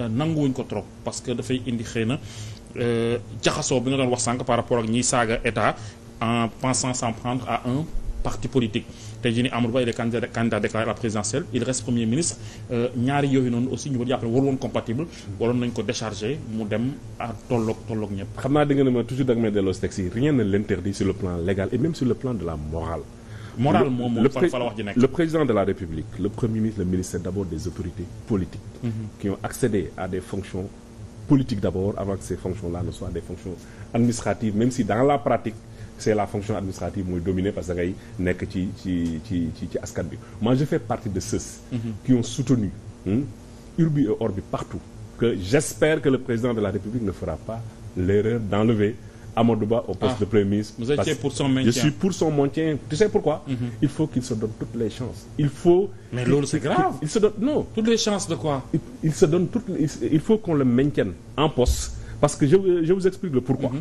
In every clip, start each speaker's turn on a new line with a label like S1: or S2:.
S1: Euh, nanguwuñ ko trop parce que dafay indi xëy na euh, jaxasoo bi nga doon wax sànq par rapport ak ñiy saaga état en pensant s'en prendre à un parti politique tey jii nii Ba il candidat candidat déclaré la présidentielle il reste premier ministre euh, ñaari yooyu noonu aussi ñu ko jàpp ne woon compatible. waroon nañ ko décharger mu dem à tolloog tolloog xam naa dégg ne ma toujours da nga may
S2: si rien ne l'interdit sur le plan légal et même sur le
S1: moral moom moom fa la wax ji nekk le
S2: président de la république le premier ministre le ministre d'abord des autorités politiques mhm. qui ont accédé à des fonctions politiques d'abord avant que ces fonctions-là ne soient des fonctions administratives même si dans la pratique c'est la fonction administrative mooy dominée parce que ngay nekk ci ci ci bi moi je fais partie de ceux mhm. qui ont soutenu urbi et orbi partout que j'espère que le président de la République ne fera pas l'erreur Amadou Ba au poste ah, de premier ministre. vous étiez pour son maintien je suis pour son maintien tu sais pourquoi. Mm -hmm. il faut qu'il se donne toutes les chances. il faut. mais se donne non. il, faut qu'on le maintienne en poste parce que je vous explique le pourquoi. Mm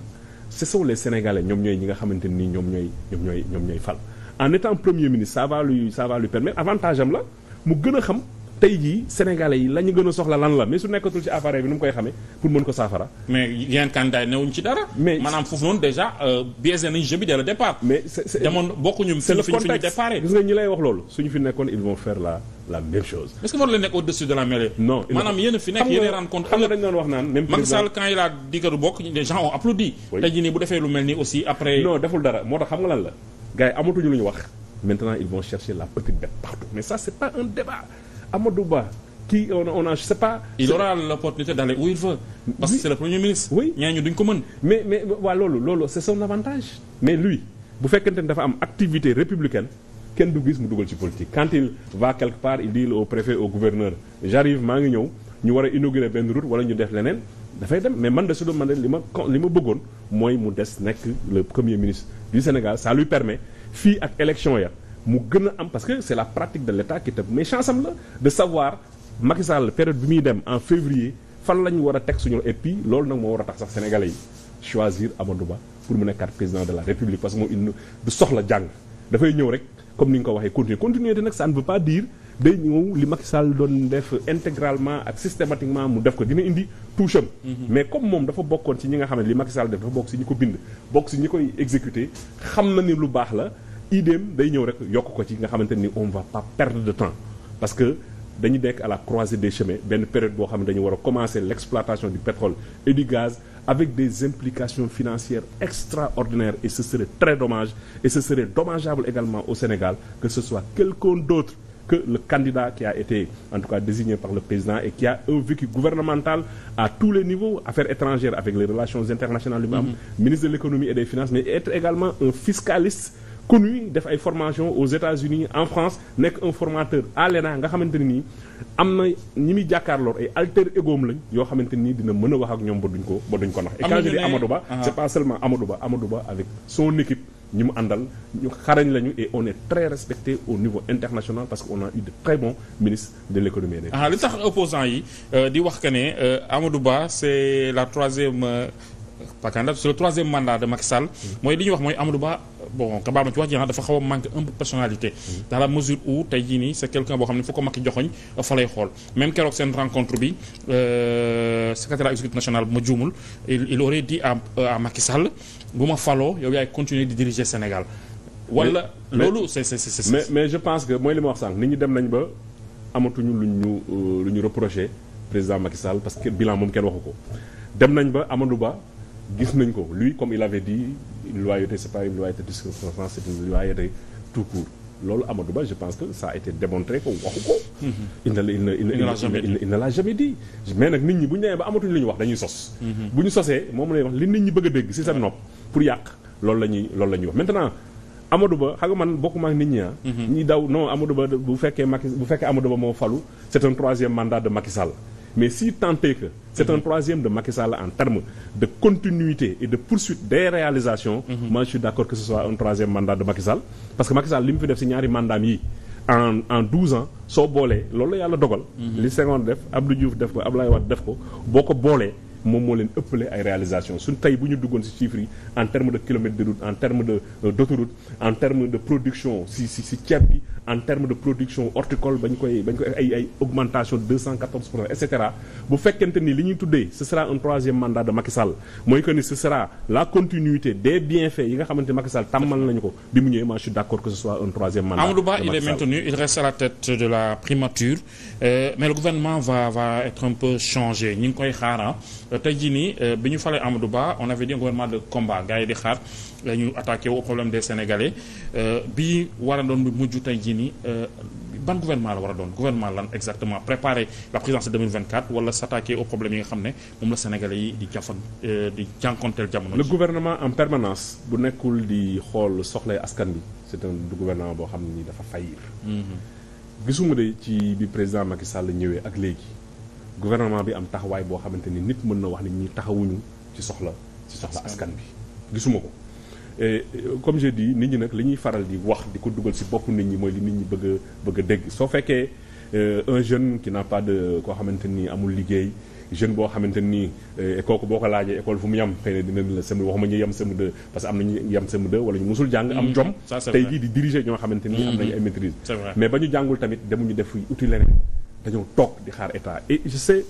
S2: -hmm. les Sénégalais ñoom ñooy ñi nga xamante ni ñoom ñooy ñoom ñooy ñoom ñooy fal en étant premier ministre ça va lui ça va lui permettre la mu gën a xam. tey jii sénégalais yi la ñu gën a soxla lan la mais su nekkatul ci appareil bi nu mu koy xamee pour mën ko saafara.
S1: mais yeneen candidat yi newuñ ci dara. mais maanaam foofu noonu déjà euh, biaisé nañ jeu bi dès le départ. mais c' est bokkuñu. c' est le contexte
S2: gis nga ñi loolu suñu fi nekkoon ils vont faire la la
S1: non maanaam yéen a fi nekk yéen a rencontre. xam nga dañu doon wax naan même président Macky Sall quand bokk les gens applaudi. tey jii nii bu defee lu mel nii aussi après. non deful dara moo tax xam nga lan la gars yi wax
S2: maintenant ils vont Amadou Ba kii on a on a je sais pas. il aura l'opportunité d'aller où il veut. parce oui. que c'est le premier ministre. oui ñooñu duñ ko mën. mais mais waa loolu loolu c'est son avantage. mais lui bu fekkente ne dafa am activité républicaine. kenn du gis mu dugal ci politique quand il va quelque part il la au préfet au gouverneur j'arrive maa ngi ñëw ñu war a inaugurer benn route wala ñu def leneen dafay dem mais man de su doon man de li ma li ma bëggoon mooy mu des nekk le premier ministre Sénégal ça lui fii ak élection ya mu gën a am parce que c'est la pratique de l'État qui te mais chance am la de savoir Macky Sall période bi muy dem en février fan la ñu war a teg suñu et loolu nag moo war a tax sax sénégalais yi choisir Amadou Ba pour mu nekkaat président de la République parce que moom une du soxla jàng dafay ñëw rek comme ni nga ko waxee continuer continuer te nag ça ne veut pas dire day ñëw li Macky Sall doon def intégralement ak systématiquement mu def ko dina indi touche am mhm. mais moom dafa bokkoon ci ñi nga xam ne li Macky Sall def bokk si ko bind bokk si ñi koy exécuter xam na ni lu baax la idéem day ñëw rek yokk ko ci nga xamante ni on va pas perdre de temps parce que dañu nekk à la croisée des chemins benn période boo xam ne dañu war a commencer l'exploitation du pétrole et du gaz avec des implications financières extraordinaires et ce serait très dommage et ce serait dommageable également au Sénégal que ce soit quelqu'un d'autre que le candidat qui a été en tout cas désigné par le président et qui a un gouvernemental à tous les niveaux affaires étrangères avec les relations internationales yu mu am ministre de l'économie connu def ay formation aux États-Unis en France nekk un formateur à nga xamante ne nii am na ñi muy jàkkaarloo ay alter egoom lañ yoo xamante nii dina mën a wax ak ñoom ba duñ ko ba duñ ko nax et quand je dis Amadou Ba ah. c'est pas seulement Amadou Ba Amadou avec son équipe ñi mu àndal ñu xarañ lañu et on est très respecté au niveau international parce que on a eu de très bons ministres de l'économie et des ah,
S1: li tax opposants yi euh, di wax que ne euh, Amadou Ba c'est la troisième. Euh, pas candidat sur le troisième mandat de Macky mooy li ñuy wax mooy Amadou Ba bon nga baal ma ci wax ji ah, dafa xaw a manqué un peu personnalité. dans mesure où tey jii nii c' est quelqu'un boo xam ne fu ko Macky joxoñ fa xool même keroog seen rencontre bi euh, secrétaire national bu ma juumul il aurait dit à euh, Sall bu ma faloo yow yaay continuer di diriger Sénégal.
S2: wala loolu c' est c' mais mais je pense que mooy li ma wax sànq nit ñi dem nañ ba amatuñu lu ñu euh, lu ñu reproché président Macky Sall parce que bilan moom kenn waxu ko dem nañ ba Amadou Ba. gis nañ ko lui comme il avait dit une loyauté c'est pas loyauté tout court loolu Amadou je pense que ça été démontré ko waxu ko. il ne l'a jamais dit. mais nag nit ñi bu ñu demee ba amatuñ lu ñu wax dañuy sos. Mhm. bu ñu sosee moom lay wax li nit ñi bëgg a dégg ci seen nopp pour yàq loolu la ñuy loolu la ñuy wax maintenant Amadou Ba xam nga man bokkuma ak nit ñi ah. Mhm. ñi daw non Amadou bu fekkee Macky bu fekkee Amadou Ba moo falu c'est troisième mandat de Macky mais si tant est que c'est mm-hmm. un troisième de Macky en termes de continuité et de poursuite des réalisations mm-hmm. moi je suis d'accord que ce soit un troisième mandat de Macky parce que Macky Sall li mu fi def ci ñaari mandaam yi en en douze ans soo boolee loolu la yàlla dogal mm-hmm. li Senghor def Abdou Diouf def ko Abdoulaye Wade def ko boo ko boolee moom moo leen ëppale ay réalisations su tey bu ñu duggoon ci chiffres yi en terme de kilomètres de route en terme de euh, d'autoroute en terme de production ci ci en terme de production horticole bañ koy bañ koy ay ay augmentation de 214 pour cent bu fekkente ni li ñuy tuddee ce sera un troisième mandat de Macky Sall mooy que ni ce sera la continuité des bienfaits yi nga xamante Macky Sall tàmmal nañu ko bi mu ñëwee ma je suis d'accord que ce soit un troisième mandat Amadou Ba il est maintenu
S1: il reste à la tête de la primature euh, ngi koy xaar Euh, tey jii nii euh, bi ñu falee Amadou Ba on avait dit gouvernement de combat gars yi di xaar la euh, ñu attaqué au problème de sénégalais bi war a doon bi mujj tey jii nii ban gouvernement la war a doon gouvernement lan exactement préparer la présidence de 2024 wala s'attaquer au problème yi nga xam ne moom la sénégalais yi di jafan di jànkonteel jamono. le
S2: gouvernement en permanence bu nekkul di xool soxlay askan bi c'est un gouvernement boo xam ne nii dafa faillir. Mhm. gisuma de ci bi président Macky Sall ñëwee ak léegi. gouvernement bi am taxawaay boo xamante ni nit mën na wax ni ñi taxawuñu ci soxla ci soxla askan bi gisuma ko comme je dis nit ñi nag li ñuy faral di wax di ko dugal si bopp nit ñi mooy di nit ñi bëgg bëgg a dégg soo fekkee euh, un jeune qui n'a pas de koo xamante ni amul liggéey jeune boo xamante nii euh, kooku boo ko laajee école fu mu yem xëy na dinañ la sem waxuma ñu yem sem de parce que am nañu yem sem de wala ñu musul jàng am hmm. jom tey jii di diriger ñoo xamante ni hmm. am nañu ay maîtrise mais ba ñu jàngul tamit demuñu def uti dañoo toog di xaar état et je sais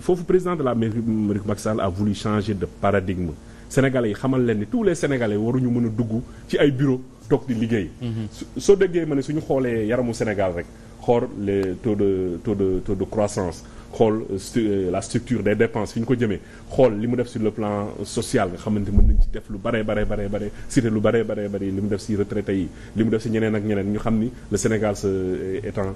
S2: foofu président de la République Macky Sall a voulu changer de paradigme sénégalais yi xamal leen ni tous les sénégalais waruñu mën a dugg ci ay bureau toog di liggéey. Mhm. soo déggee ma ne suñu xoolee yaramu Sénégal rek xool le taux de taux de taux de croissance xool euh, la structure de dépenses fi ñu ko jëmee xool li mu def sur le plan social nga xamante mën nañ def lu bare bare bare bare cité lu bare bare bare li mu def si retraités yi li mu def si ñeneen ak ñeneen ñu xam ni le Sénégal se étant